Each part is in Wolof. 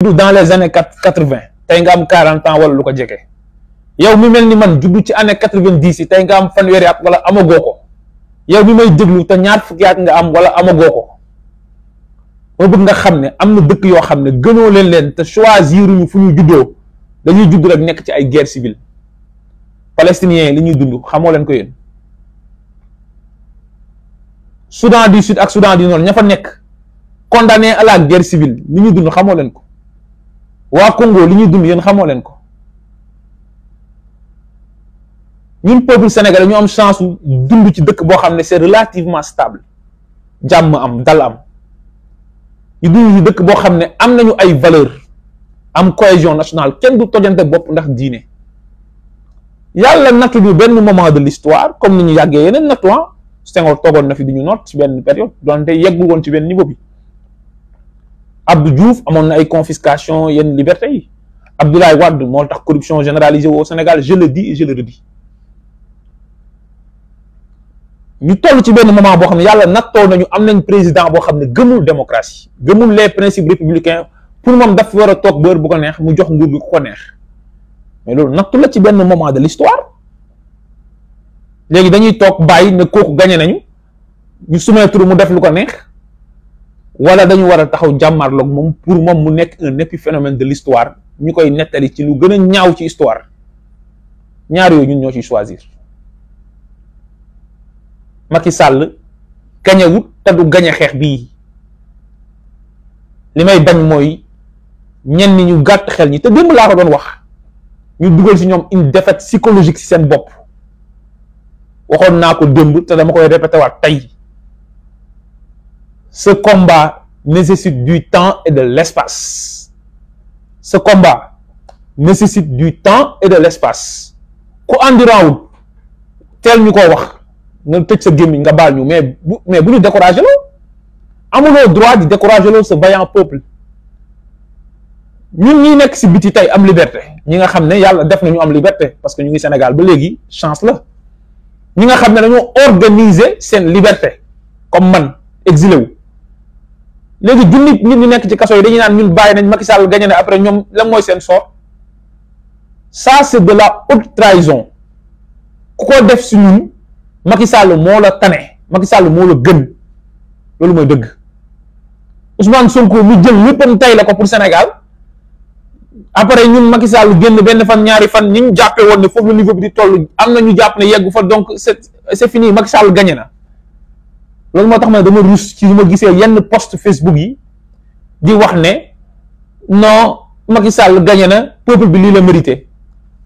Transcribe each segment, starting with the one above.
juddu dans les années quatre vingt tey nga am quarante wala lu ko jege yow mi mel ni man juddu ci année quatre vingt dix yi tey nga am fanweeri at wala amagoo ko yow mi may déglu te ñaar fukki at nga am wala amagoo ko moo bëgg nga xam ne am na dëkk yoo xam ne gënoo leen leen te choisir ñu fu ñu juddoo dañuy judd rek nekk ci ay guerre civile palestiniens li ñuy dund xamoo leen ko yéen Soudan du Sud ak Soudan du Nord ña fa nekk condamné à la guerre civile li ñuy dund xamoo leen ko. waa Congo li ñuy dund yéen xamoo leen ko ñun peuple sénégalais ñu am chance dund ci dëkk boo xam ne c'est relativement stable jàmm am dal am ñu dund ci dëkk boo xam ne am nañu ay valeur am cohésion nationale kenn du tojante bopp ndax diine yàlla nattu ñu benn moment de l'histoire comme ni ñu yàggee yeneen nattu ah. Senghor toogoon na fi di ñu noot ci benn période donte yeggul woon ci benn niveau bi Abdou juuf amoon na ay confiscation yenn liberté yi Abdoulaye Wade moo tax corruption généralisée au Sénégal je le dis et je le redis ñu toll ci benn moment boo xam ne yàlla nattoo nañu am nañ président boo xam ne gëmul démocratie gëmul les principes républicains pour moom daf war a toog bër bu ko neex mu jox nguur bi ko neex mais loolu nattu la ci benn moment de l'histoire léegi dañuy toog bàyyi ne kooku gañe nañu ñu soumettre mu def lu ko neex wala dañu war a taxaw jàmmarloog moom pour moom mu nekk un épiphénomène de l'histoire ñu koy nettali ci lu gën a ñaaw ci histoire ñaar yooyu ñun ñoo ciy choisir Macky Sall gañewut te du gañe xeex bii li may bañ mooy ñenn ñi ñu gàtt xel ñi te démb laa ko doon wax ñu dugal ci ñoom une defet psychologique ci seen bopp waxoon naa ko démb te dama koy répété tey Ce combat nécessite du temps et de l'espace. Ce combat nécessite du temps et de l'espace. ku àndi raawul teel ñu koo wax nga tëj sa gémmiñ nga baal ñu mais bu mais bu ñu découragé loo amuloo droit di découragé loo ce vaillant peuple ñun ñi nekk si biti tey am liberté ñi nga xam ne yàlla def na ñu am liberté parce que ñu ngi Sénégal ba léegi chance la ñi nga xam ne dañoo organiser seen liberté comme man exilé wu léegi junni nit ñu nekk ci kaso yi dañuy naan ñun bàyyi nañ Macky Sall gagné na après ñoom lan mooy seen sort ça c'est de la haute trahison ku ko def si ñun Macky moo la tane Macky Sall moo la gën loolu mooy dëgg Ousmane Sonko mu jël léppam tey la ko pour Sénégal après ñun Macky Sall génn benn fan ñaari fan ñi ñu jàppee woon ne foofu la niveau bi di toll am na ñu jàpp ne yeggu fa donc c'est c'est fini Macky gañe na. loolu moo tax ma dama rus ci su ma gisee yenn post Facebook yi di wax ne non Macky Sall na peuple bi lii la mérité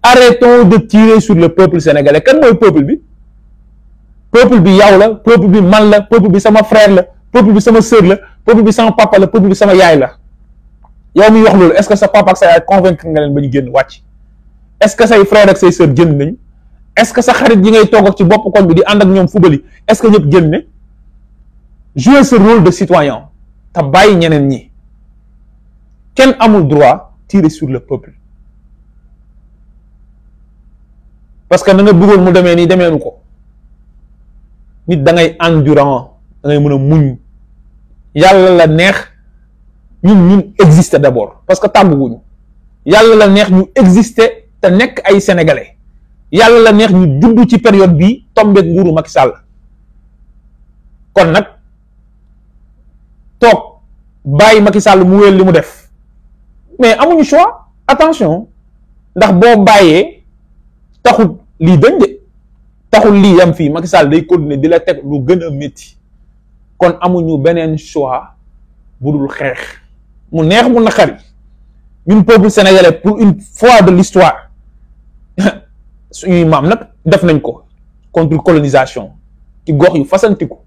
arrêtons de tirer sur le peuple sénégalais kan mooy peuple bi peuple bi yow la peuple bi man la peuple bi sama frère la peuple bi sama sœur la peuple bi sama papa la peuple bi sama yaay la yow miy wax loolu est-ce que sa papa ak sa yaay convaincre nga leen ba ñu génn wàcc est-ce que say frère ak say sœur génn nañu est-ce que sa xarit yi ci bopp koñ bi di ànd ñoom fubali est-ce que ñëpp génn jouer ce rôle de citoyen te bàyyi ñeneen ñi kenn amul droit tirer sur le peuple parce que na nga bëggoon mu demee nii demeenu ko nit dangay ngay dangay da ngay mën a muñ yàlla la neex ñun ñun exister d'abord parce que tàmbuguñu yàlla la neex ñu exister te nekk ay sénégalais yàlla la neex ñu judd ci période bi tombeek nguuru mag Sall kon nag toog bàyyi Macky Sall mu wéel li mu def mais amuñu choix attention ndax boo bàyyee taxul lii dañ de taxul lii yam fii Macky Sall day continuer di la teg lu gën a métti kon amuñu beneen choix bu dul xeex mu neex mu naqari ñun peuple sénégalais pour une fois de l'histoire suñuy maam nag def nañ ko contre colonisation ci gox yu fasantiku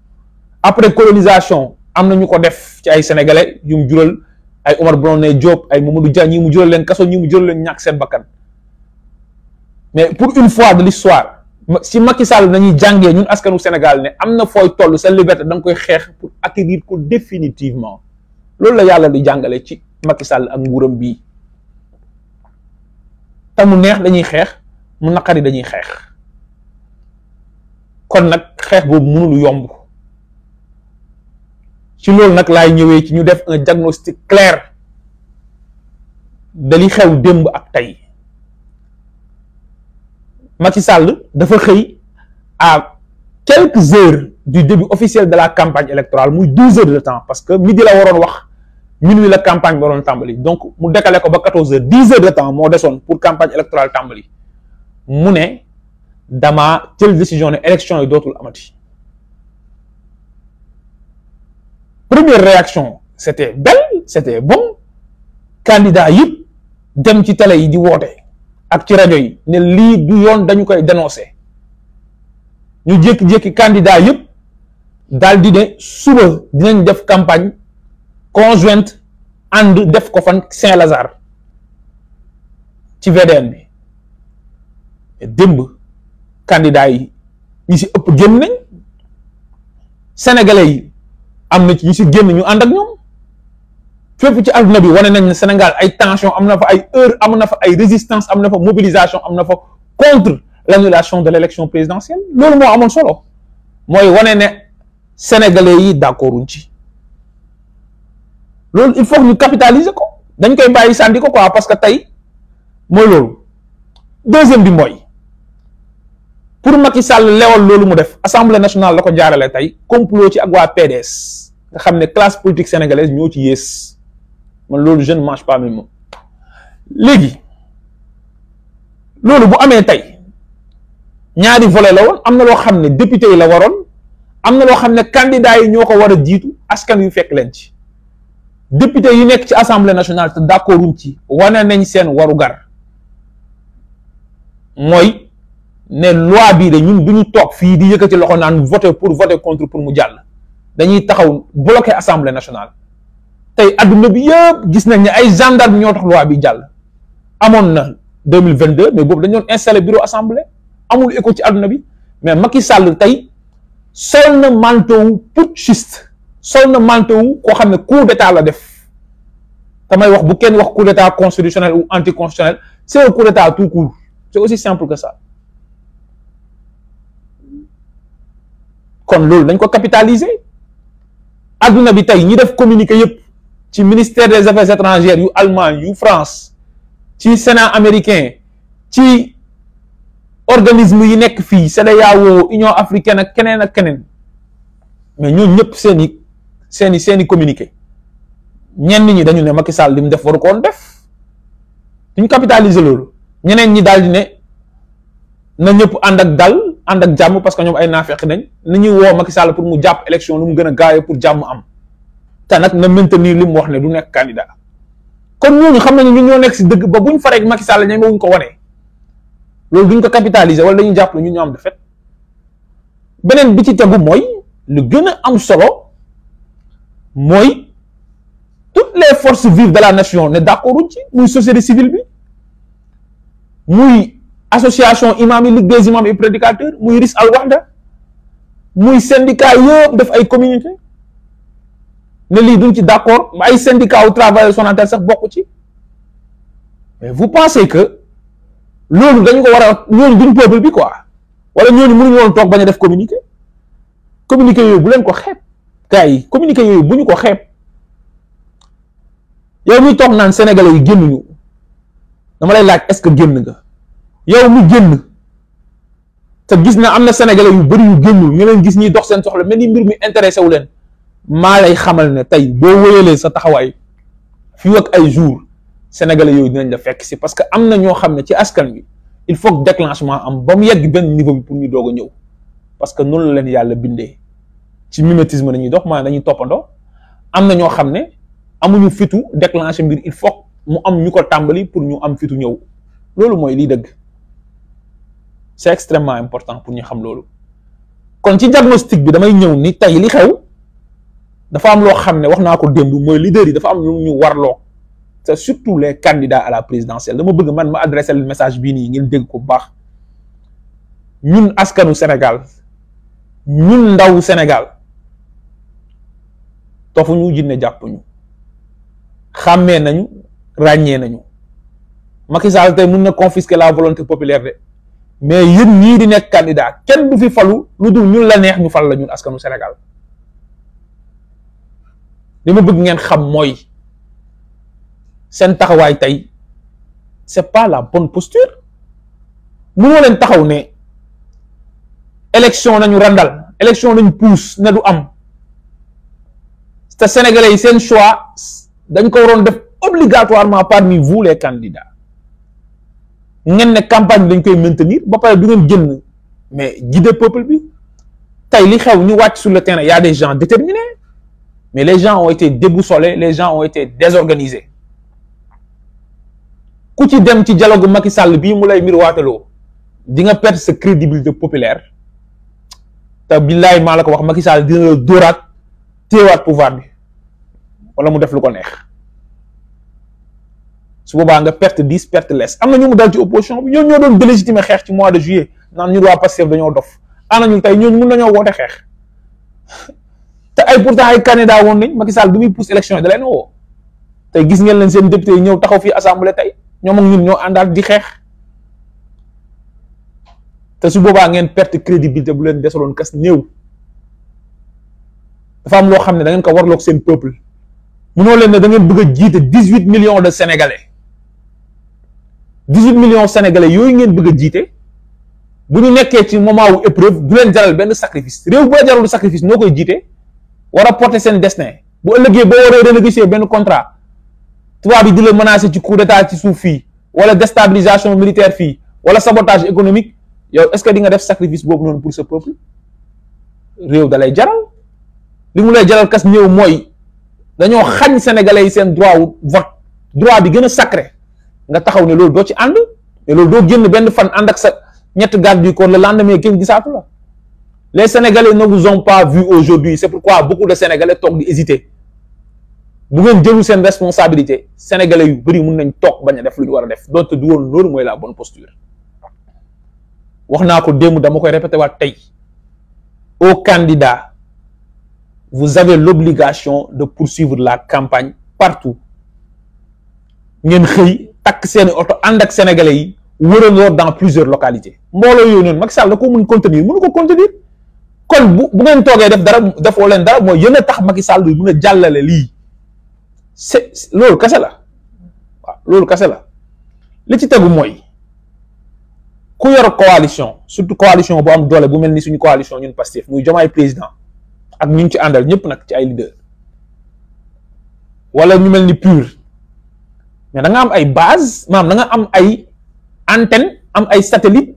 après colonisation am na ñu ko def ci ay sénégalais yu mu jural ay Omar ne Diop ay Mamadou Dia ñi mu jural leen kaso ñi mu jural leen ñàkk seen bakkan mais pour une fois de l'histoire si Macky Sall nañuy jàngee ñun askanu Sénégal ne am na fooy toll sa liberté danga koy xeex pour acquérir ko définitivement loolu la yàlla di jàngale ci Macky Sall ak nguuram bii te mu neex dañuy xeex mu yi dañuy xeex kon nag xeex boobu mënul yomb. ci loolu nag laay ñëwee ci ñu def un diagnostic clair da xew démb ak tey Macky Sall dafa xëy à quelques heures du début officiel de la campagne électorale muy douze heures de temps parce que midi la waroon wax minuit la campagne waroon tàmbali donc mu décalé ko ba quatorze heures dix heures de temps moo desoon pour campagne électorale tàmbali mu ne dama jël décision ne élection yi dootul amati première réaction c'était belle c'était bon candidat yëpp dem ci télé yi di woote ak ci rajo yi ne lii du yoon dañu koy dénoncer ñu jékki-jékki candidat yëpp daal di ne suba dinañ def campagne conjointe ànd def ko fan Saint-Lazare ci VDN bi démb candidat yi ñi si ëpp génn nañ sénégalais yi am na ci ñu si génn ñu ànd ak ñoom fépp ci àdduna bi wane nañ ne Sénégal ay tension am na fa ay heure am na fa ay résistance am na fa mobilisation am na fa contre l'annulation de l'élection présidentielle loolu moo amoon solo mooy wane ne sénégalais yi d'accorduñ ci loolu il faut ñu capitaliser ko dañ koy bàyyi sànni ko quoi parce que tey mooy loolu deuxième bi mooy pour Macky sàll lewal loolu mu def assemblée nationale la ko jaarale tey complot ci ak waa PDS nga xam ne classe politique sénégalaise ñoo ci yées man loolu jeune ne mange pas mes mots léegi loolu bu amee tey ñaari vole la woon am na loo xam ne député yi la waroon am na loo xam ne candidat yi ñoo ko war a jiitu askan yu fekk leen ci député yi nekk ci assemblée nationale te d'accorduñ ci wane nañ seen warugar mooy ne loi bii de ñun bu ñu toog fii di yëkkati loxo naan voter pour voter contre pour mu jàll. dañuy taxaw bloqué assemblée nationale tey adduna bi yëpp gis nañ ne ay gendarme ñoo tax loi bi jàll amoon na 2022 mais boobu dañu doon installé bureau assemblée amul écho ci adduna bi mais Macky Sall tey sol na manteau wu putschiste sol na manteau wu koo xam ne coup d'état la def damay wax bu kenn wax coup d'état constitutionnel ou anticonstitutionnel c'est un coup d'état tout court c'est aussi simple que ça kon loolu dañ ko capitaliser adduna bi tey ñi def communiqué yépp ci ministère des affaires étrangères yu Allemagne yu France ci Sénat américain ci organisme yi nekk fii CEDEAO Union africaine ak keneen ak keneen mais ñooñu ñëpp seeni i seen i seen i communiqué ñi dañu ne Macky Sall li mu def waru koon def duñ capitaliser loolu ñeneen ñi daal di ne na ñëpp ànd ak dal ànd ak jàmm parce que ñoom ay naafeq nañ nañuy woo Macky Sall pour mu jàpp élection lu mu gën a gaawee pour jàmm am te nag na maintenir li mu wax ne du nekk candidat kon ñooñu xam nañu ñun ñoo nekk si dëgg ba buñ faree Macky Sall ña nga wuñ ko wanee loolu duñ ko capitaliser wala dañuy jàpp ñu ñu am defet beneen bi ci tegu mooy lu gën a am solo mooy toutes les force vives de la nation ne d'accord ci muy société civile bi muy association imam yi ligue des imams et prédicateurs muy RIS al muy syndicat yëpp def ay communauté ne lii duñ ci d'accord ay syndicat wu travailleurs Sonatel sax bokk ci mais vous pensez que loolu dañ ko war a ñooñu duñ peuple bi quoi wala ñooñu mënuñu woon toog bañ a def communiqué communiqué yooyu bu leen ko xeeb gars yi communiqué yooyu bu ñu ko xeeb yow ñuy toog naan sénégalais yi génnuñu dama lay laaj est-ce que génn nga yow mu génn te gis na am na sénégalais yu bëri yu génnul ñu leen gis ñi dox seen soxla mel ni mbir mi intéressé wu leen maa lay xamal ne tey boo wéyalee sa taxawaay fii ak ay jours sénégalais yooyu dinañ la fekk si parce que am na ñoo xam ne ci askan bi il faut que am ba mu yegg benn niveau bi pour ñu doog a ñëw parce que noonu la leen yàlla bindee ci mimétisme dañuy dox maanaam dañuy toppandoo am na ñoo xam ne amuñu fitu déclenché mbir il faut mu am ñu ko tàmbali pour ñu am fitu ñëw loolu mooy liy dëgg. c'est extrêmement important pour ñu xam loolu kon ci diagnostic bi damay ñëw ni tey li xew dafa am loo xam ne wax naa ko démb mooy leader yi dafa am lu ñu warloo c'est surtout les candidats à la présidentielle dama bëgg man ma adressé message bii nii ngeen dégg ko bu baax ñun askanu Sénégal ñun ndaw Sénégal tofuñu jinne jàppuñu xàmmee nañu ràññee nañu Macky Sall tey mun na confisquer la volonté populaire de mais yéen ñii di nekk candidat kenn du fi falu lu dul ñu la neex ñu fal la ñun askanu senegal li ma bëgg ngeen xam mooy seen taxawaay tey c'est pas la bonne posture mënoo leen taxaw ne élection nañu randal élection nañu puus ne du am te sénégalais yi seen choix dañ ko waroon def obligatoirement parmi vous les candidats ngeen ne campagne dañ koy maintenir ba pare du ngeen génn mais guider peuple bi tey li xew ñu wàcc sur le terrain y a des gens déterminés mais les gens ont été déboussolés les gens ont été désorganisés ku ci dem ci dialogue Macky bi bii mu lay mirwaataloo di nga perdre sa crédibilité populaire te billaay maa la ko wax Macky Sall dina la dóoraat téewaat pouvoir bi wala mu def lu ko neex su boobaa nga perte dix perte less am na ñu mu dal ci opposition bi ñooñu ñoo doon délégitimer xeex ci mois de juillet naan ñun waa Pastef dañoo dof ana ñun tey te ay pourtant ay candidat woon nañ Macky Sall bi muy pousse élection yi da leen woo tey gis ngeen leen seen député ñëw taxaw fii assemblée tey ñoom ak ñun ñoo àndaat di xeex te su boobaa ngeen perte crédibilité bu leen desaloon kas néew dafa am loo xam ne da ngeen ko warloog seen peuple munoo leen ne da ngeen bëgg a jiite dix huit millions de sénégalais. dix-huit millions sénégalais yooyu ngeen bëgg a jiite bu ñu nekkee ci moment wu épreuve du leen jaral benn sacrifice réew boo jarul sacrifice noo koy jiite war a porter seen destin bu ëllëgee boo war a renégocier benn contrat tubaab bi di la menacer ci coup d'état ci suuf fii wala déstabilisation militaire fii wala sabotage économique yow est-ce que di nga def sacrifice boobu noonu pour ce peuple réew da jaral li mu lay jaral kas ñëw mooy dañoo xañ sénégalais yi seen droit wu vote droit gën a sacré nga taxaw ne loolu doo ci ànd te loolu doo génn benn fan ànd ak sa ñett garde du corps le lendemain kenn gisaatu la les sénégalais ne vous ont pas vu aujourd'hui c'est pourquoi beaucoup de sénégalais toog di hésiter bu ngeen jëlu seen responsabilité sénégalais yu bëri mun nañ toog bañ a def lu ñu war a def donte du woon loolu mooy la bonne posture wax naa ko démb dama koy répété waat tey aux candidats vous avez l'obligation de poursuivre la campagne partout ngeen xëy takk seeni oto ànd ak sénégalais yi wërandoor dans plusieurs localités mbooloo yooyu noonu Macky Sall da ko mun contenir mënu ko contenir kon bu bu ngeen toogee def dara defoo leen dara mooy yéen a tax Macky Sall mën a jàllale lii c'est loolu kase la waaw loolu kase la li ci tegu mooy ku yor coalition surtout coalition bu am doole bu mel ni suñu coalition ñun Pastef muy Diomaye président ak ñu ci àndal ñëpp nag ci ay leader wala ñu mel ni PUR mais da nga am ay base maanaam da nga am ay antenne am ay satelit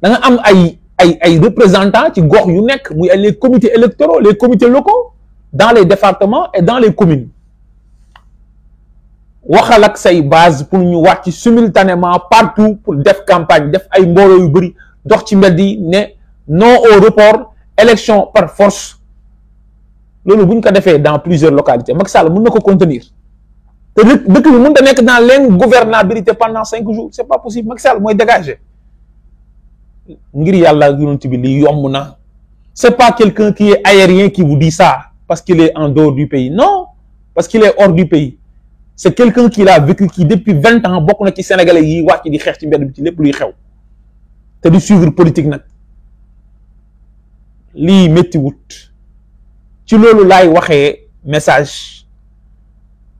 da am ay ay ay représentants ci gox yu nekk muy ay les comités électoraux les comités locaux dans les départements et dans les communes waxal ak say base pour ñu wàcc simultanément partout pour def campagne def ay mbooloo yu bëri dox ci mbedd yi ne non au report élection par force loolu bu ñu ko defee dans plusieurs localités Macky Sall mën na ko contenir te dëkk bi mënut a nekk dans l'ingouvernabilité pendant cinq jours c'est pas possible Macky Sall mooy dégager ngir yàlla yonent bi lii yomb na c'est pas quelqu'un qui est aérien qui vous dit ça parce qu'il est en dehors du pays non parce l est hors du pays c'est quelqu'un qui l'a vécu qui depuis vingt ans bokk na ci sénégalais yi wàcc di xeex ci mbedd bi ci lépp luy xew te di suivre politique nag lii métti wut ci loolu laay waxee message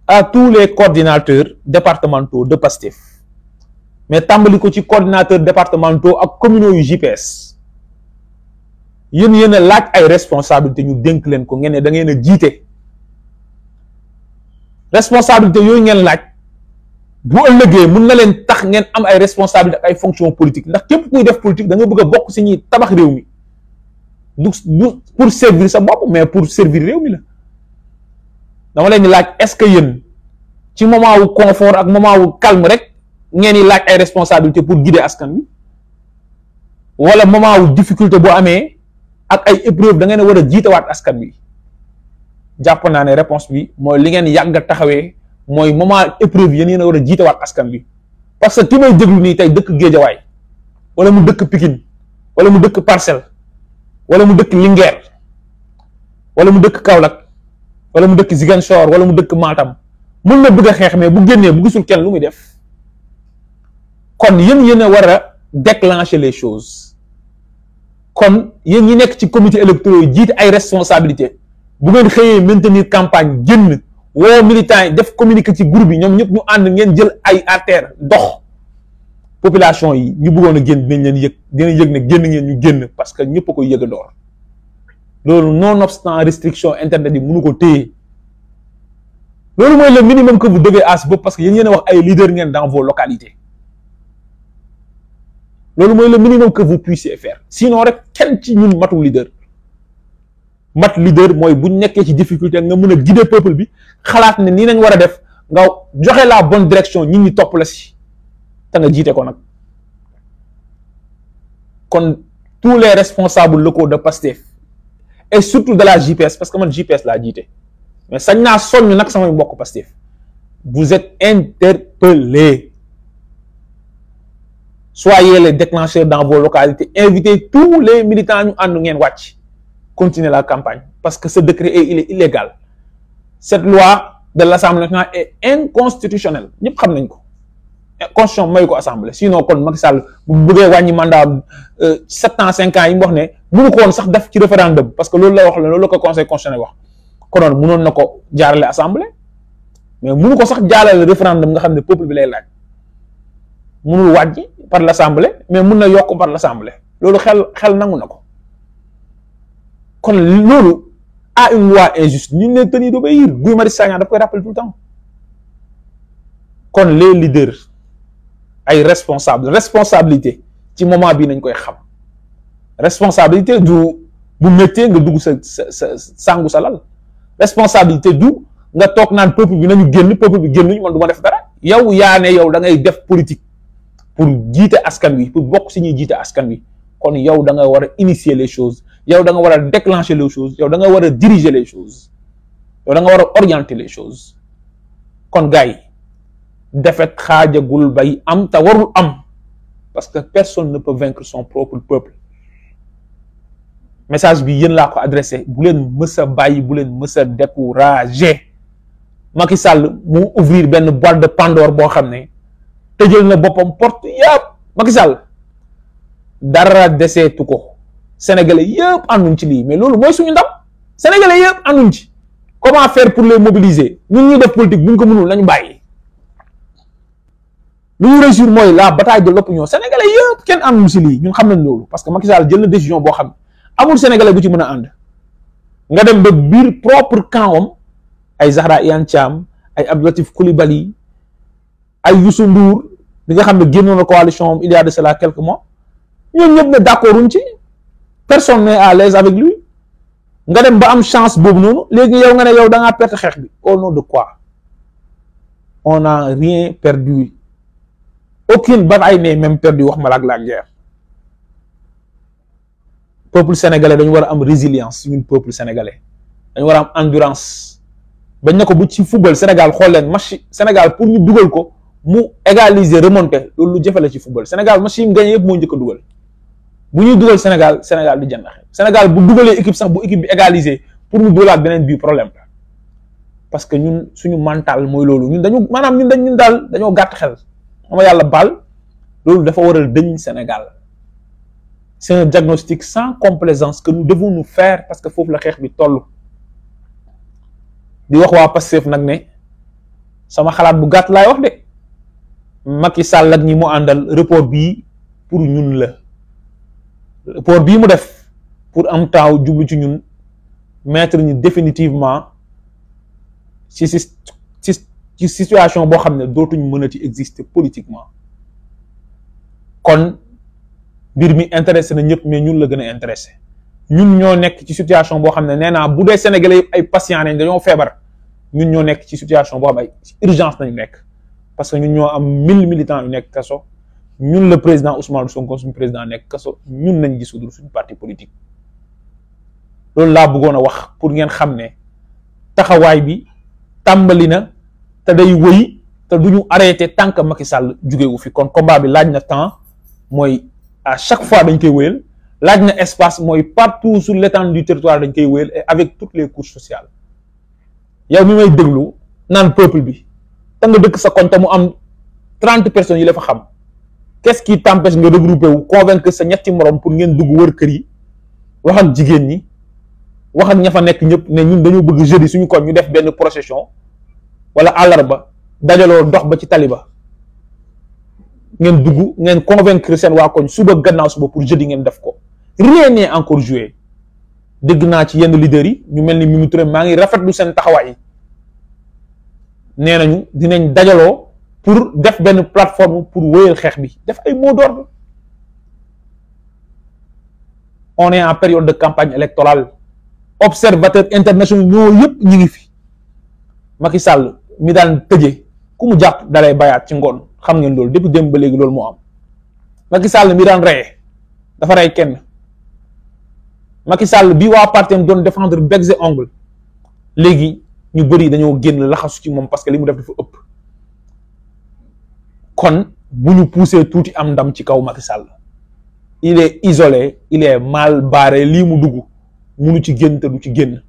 à tous les coordinateurs départementaux de PASTEF mais tàmbali ko ci coordinateurs départementaux ak communaux yu GPS yéen yéen a laaj ay responsabilité ñu dénk leen ko ngeen ne da ngeen a jiite responsabilité yooyu ngeen laaj bu ëllëgee mun na leen tax ngeen am ay responsabilité ak ay fonction politique ndax képp kuy def politique da nga bëgg a bokk si ñuy tabax réew mi du du pour servir sa bopp mais pour servir réew mi la dama leen di laaj est-ce que yéen ci moment wu confort ak moment wu calme rek ngeen di laaj ay responsabilité pour guider askan wi wala moment wu difficulté bu amee ak ay épreuve da ngeen war a jiitawaat askan wi jàpp naa ne réponse bi mooy li ngeen yàgg a taxawee mooy moment épreuve yéen yéen a war a jiitawaat askan wi parce que ki may déglu nii tey dëkk Géejawaay wala mu dëkk Pikine wala mu dëkk parcelle wala mu dëkk Linguère wala mu dëkk Kaolack wala mu dëkk Ziguinchor wala mu dëkk Matam mën na bëgg xeex mais bu génnee bu gisul kenn lu muy def kon yéen yéen a war a déclencher les choses kon yéen ñi nekk ci comité électoraux yi jiite ay responsabilité bu ngeen xëyee maintenir campagne génn woo militants yi def communiqué ci groupe yi ñoom ñëpp ñu ànd ngeen jël ay artère dox population yi ñu buggoon a génn dinañ leen yëg dinañ yëg ne génn ngeen ñu génn parce que ñëpp a koy yëg loolu nonobstant restriction internet yi mënu ko téye loolu mooy le minimum que vous devez à ce parce que yéen yéen wax ay leader ngeen dans vos localités loolu mooy le minimum que vous puissiez faire sinon rek kenn ci ñun matu leader mat leader mooy bu nekkee ci difficulté nga mun a guider peuple bi xalaat ne nii nañ war a def nga joxe la bonne direction ñi ñi topp la si te nga jiite ko nag kon tous les responsables locaux de Pastef et surtout de la JPS parce que man JPS laa jiite mais sañ naa soññ nag samay mbokk Pastef vous êtes interpellés soyez les déclencheurs dans vos localités tou tous les militants ñu ànd ngeen wàcc continuer la campagne parce que ce décret est il est illégal cette loi de l'Assemblée nationale est inconstitutionnelle ñëpp xam nañ ko constitution may ko assemblée sinon kon Macky Sall bu bëggee wàññi mandat euh, sept ans cinq ans yi mu wax ne mënu ko sax def ci référendum parce que loolu la wax la loolu la ko conseil constitutionnel wax konoon mënoon na ko jaarale assemblée mais mënu ko sax jaarale référendum nga xam ne peuple bi lay laaj mënul wàññi par l' assemblée mais mun na yokk par l' loolu xel xel nangu na ko kon loolu à une loi injuste ñu ne tenu d'obéir Guy Marius Sagna daf koy rappelé tout le kon les leaders ay responsable responsabilité ci moment bi nañ koy xam responsabilité du bu méttee nga dugg sa sa sangu sa lal responsabilité du nga toog naan peuple bi nañu génn peuple bi génnuñu man du ma def dara yow yaa ne yow da def politique pour jiite askan wi pour bokk si ñuy jiite askan wi kon yow da nga war a initier les choses yow da nga war a déclencher les choses yow da nga war a diriger les choses yow da nga war a orienter les choses kon gars defet xaajagul bay am te warul am parce que personne ne peut vaincre son propre peuple message bi yéen laa ko adressé bu leen mës a bàyyi bu leen mës a découragé Macky Sall mu ouvrir benn boîte de pendoor boo xam ne tëjal na boppam porte yëpp Macky Sall dara deseetu ko sénégalais yëpp nu ci lii mais loolu mooy suñu ndam sénégalais yëpp ànduñ ci comment faire pour les mobiliser ñun ñuy def politique buñ ko mënul nañu bàyyi. lu ñu réussir mooy la bataille de l'opinion sénégalais yëpp kenn àndul si lii ñun xam nañ loolu parce que Macky Sall jël na décision boo xam amul sénégalais bu ci mën a ànd nga dem ba biir propre campam ay Zahra Iyane Thiam ay Abdou Latif Coulibaly ay Youssou Ndour bi nga xam ne génnoon na coalition am il y a de cela quelques mois ñoom ñëpp ne d'accorduñ ci personne n'est à l'aise avec lui nga dem ba am chance boobu noonu léegi yow nga ne yow da ngaa perte xeex bi au nom de quoi on n'a rien perdu Aucune ay n'est même perdue wax ma la ak laa guerre peuple sénégalais dañu war a am résilience ñun peuple sénégalais dañu war am endurance bañ na ko bu ci football Sénégal xool leen match Sénégal pour ñu dugal ko mu égaliser remonter loolu lu jafe la ci football Sénégal machine yi mu gagné moo njëkk dugal bu ñuy dugal Sénégal Sénégal du jëndaxe Sénégal bu dugalee équipe sax bu équipe bi égaliser pour mu dugalaat beneen bii problème la parce que ñun suñu mental mooy loolu ñun dañu maanaam ñun dañ ñun daal dañoo gàtt xel. dama yàlla baal loolu dafa waral dëñ Sénégal c'est un diagnostic sans complaisance que nous devons nous faire parce que foofu la xeex bi toll di wax waa Pastef nag ne sama xalaat bu gàtt laay wax de Macky Sall ak ñi mu àndal report bii pour ñun la report bii mu def pour am temps jublu ci ñun mettre ñu définitivement ci si ci situation boo xam ne dootuñ mënati exister politiquement kon mbir mi intéressé na ñëpp mais ñun la gën a intéressé ñun ñoo nekk ci situation boo xam ne nee naa bu dee sénégalais ay patients nañ dañoo feebar ñun ñoo nekk ci situation boo xam ay urgence nañu nekk parce que ñun ñoo am mille militants yu nekk kaso ñun la président Ousmane Sonko suñu président nekk kaso ñun lañ gisudul suñu parti politique loolu laa bëggoon a wax pour ngeen xam ne taxawaay bi tàmbali na te day wëy te du ñu arrêté tant que Macky Sall jugewu fi kon combat bi laaj na temps mooy à chaque fois dañ koy wëyal laaj na espace mooy partout sur l'étendue du territoire dañ koy wëyal et avec toutes les couches sociales yow mi may déglu naan peuple bi te nga dëkk sa koñ mu am trente personnes yi la fa xam qu'est-ce qui t'empêche nga regroupé wu convaincre sa ñetti moroom pour ngeen dugg wër kër yi wax ak jigéen ñi wax ak ña fa nekk ñëpp ne ñun dañoo bëgg jeudi suñu koñ ñu def benn procession wala àllarba dajaloo dox ba ci taliba ngeen dugg ngeen convaincre seen waa koñ suba gannaaw suba pour jeudi ngeen def ko rien n'est encore joué dégg naa ci yenn leaders yi ñu mel ni Mimi Touré maa ngi rafet lu seen taxawaay nee nañu dinañ dajaloo pour def benn plateforme pour wéyal xeex bi def ay mot d'ordre on est en période de campagne électorale observateurs internationaux ñoo yëpp ñu ngi fi Macky Sall mi daan tëjee ku mu jàpp dalay bayaat ci ngoon xam ngeen loolu depuis démb ba léegi loolu moo am Macky sàll mi daan reyee dafa rey kenn Macky Sall bi waa partem doon défendre bec et ongle léegi ñu bëri dañoo génn laxasu ci moom parce que li mu def dafa ëpp kon bu ñu poussé tuuti am ndam ci kaw Macky Sall il isole isolé il est lii mu dugg munu ci génn te du ci génn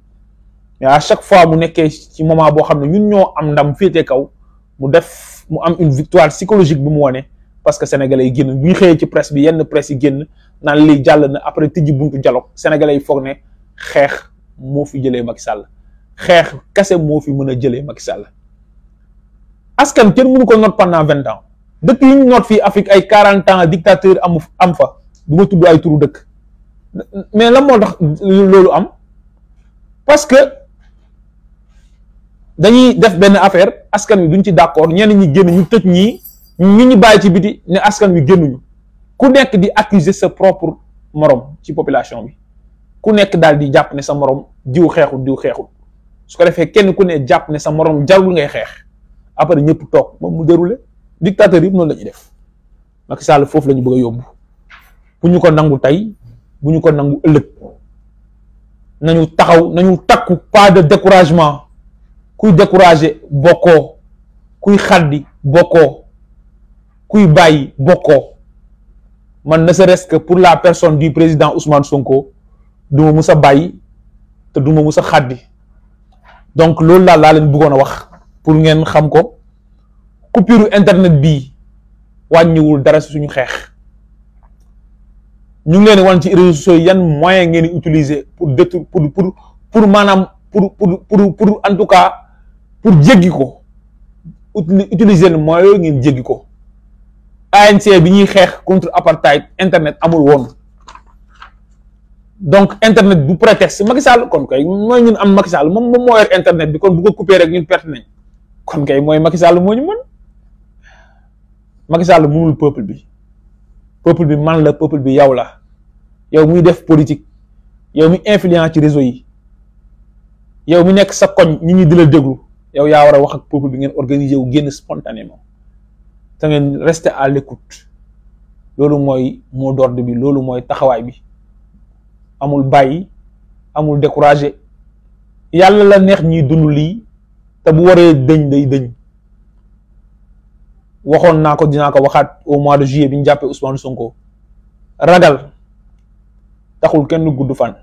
mais chaque fois mu nekkee ci moment boo xam ne ñun ñoo am ndam féete kaw mu def mu am une victoire psychologique bi mu wane parce que sénégalais yi génn bu ñu xëyee ci presse bi yenn presse yi génn naan li jàll na après tijji buntu dialogue sénégalais yi foog ne xeex moo fi jëlee Macky Sall xeex kese moo fi mën a jëlee Macky Sall askan kenn mënu ko noot pendant vingt ans dëkk yi ñu noot fii Afrique ay quarant ans dictateur am am fa du ma tudd ay turu dëkk mais loolu am dañuy def benn affaire askan wi duñ ci d'accord ñenn ñi génn ñu tëj ñii ñu ñu bàyyi ci biti ne askan wi génnuñu ku nekk di accuser sa propre morom ci population bi ku nekk daal di jàpp ne sa moroom diw xeexul diw xeexul su ko defee kenn ku ne jàpp ne sa morom jarul ngay xeex après ñëpp toog moom mu déroulé dictateur yi noonu la ñuy def Macky Sall foofu la ñu bëgg yóbbu bu ñu ko nangu tey bu ñu ko nangu ëllëg nañu taxaw nañu takku pas de découragement. kuy découragé bokkoo kuy xaddi bokkoo kuy bàyyi bokkoo man na sa resque pour la personne du président Ousmane Sonko du ma mus a bàyyi te du ma mus a xaddi donc loolu laa laa leen bëggoon a wax pour ngeen xam ko coupure internet bii wàññiwul dara si suñu xeex ñu ngi leen wan ci réseaux sociaux yan moyen ngeen utiliser pour détour pour maanaam pour pour pour pour en tout cas pour jéggi ko utiliser moyens yooyu ngeen jéggi ko ANC bi ñuy xeex contre apartheid internet amul woon donc internet bu prétexte Macky Sall kon kay mooy ñun am Macky Sall moom moom moo yor bi kon bu ko coupé rek ñun perte nañ kon mooy Macky Sall moo ñu mën Macky Sall peuple bi peuple bi man la peuple bi yow la yow muy def politique yow mi influent ci réseau yi yow mu nekk sa koñ ñi ñi di la déglu yow yaa war a wax ak peuple bi ngeen organiser wu génn spontanément te ngeen rester à l'écoute loolu mooy mot d'ordre bi loolu mooy taxawaay bi amul bàyyi amul découragé yàlla la neex ñuy dund lii te bu waree dëñ day dëñ waxoon naa ko dinaa ko waxaat au mois de juillet bi ñu jàppee Ousmane Sonko ragal taxul kenn gudd fan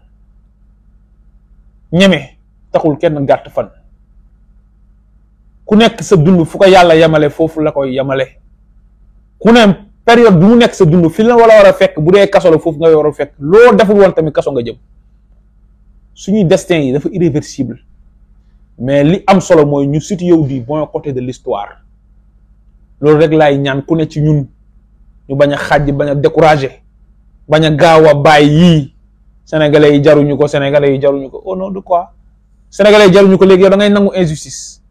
ñeme taxul kenn gàtt fan ku nekk sa dund fu ko yàlla yemale foofu la koy yemale ku ne période bi mu nekk sa dund fi la wala war a fekk bu dee kaso la foofu nga war a fekk loo deful woon tamit kaso nga jëm suñuy destin yi dafa irréversible mais li am solo mooy ñu situé yow du bon côté de l'histoire loolu rek laay ñaan ku ne ci ñun ñu bañ a xàjj bañ a découragé bañ a gaaw a bàyyi yii sénégalais yi jaruñu ko sénégalais yi jaruñu ko au oh nom de quoi sénégalais yi jaruñu ko léegi yow da ngay nangu injustice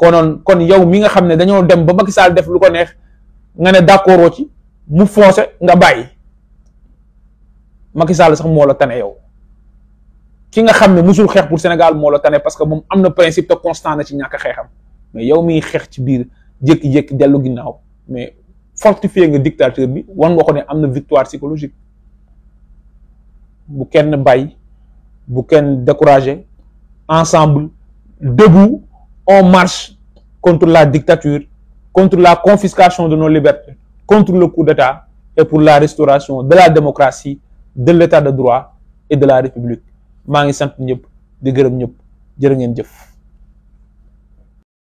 konoon kon yow mi nga xam ne dañoo dem ba Macky Sall def lu ko neex nga ne d'accord ci mu foncé nga bàyyi Macky sax moo la tane yow ki nga xam ne musul xeex pour Sénégal moo la tane parce que moom am na principe te constant na ci ñàkk xeexam mais yow miy xeex ci biir jékki-jékki dellu ginnaaw mais fortifier nga dictateur bi wan nga ko ne am na victoire psychologique bu kenn bàyyi bu kenn découragé ensemble debout on marche contre la dictature contre la confiscation de nos libertés contre le coup d'État et pour la restauration de la démocratie de l'État de droit et de la République maa ngi sant ñëpp di gërëm ñëpp jërë ngeen jëf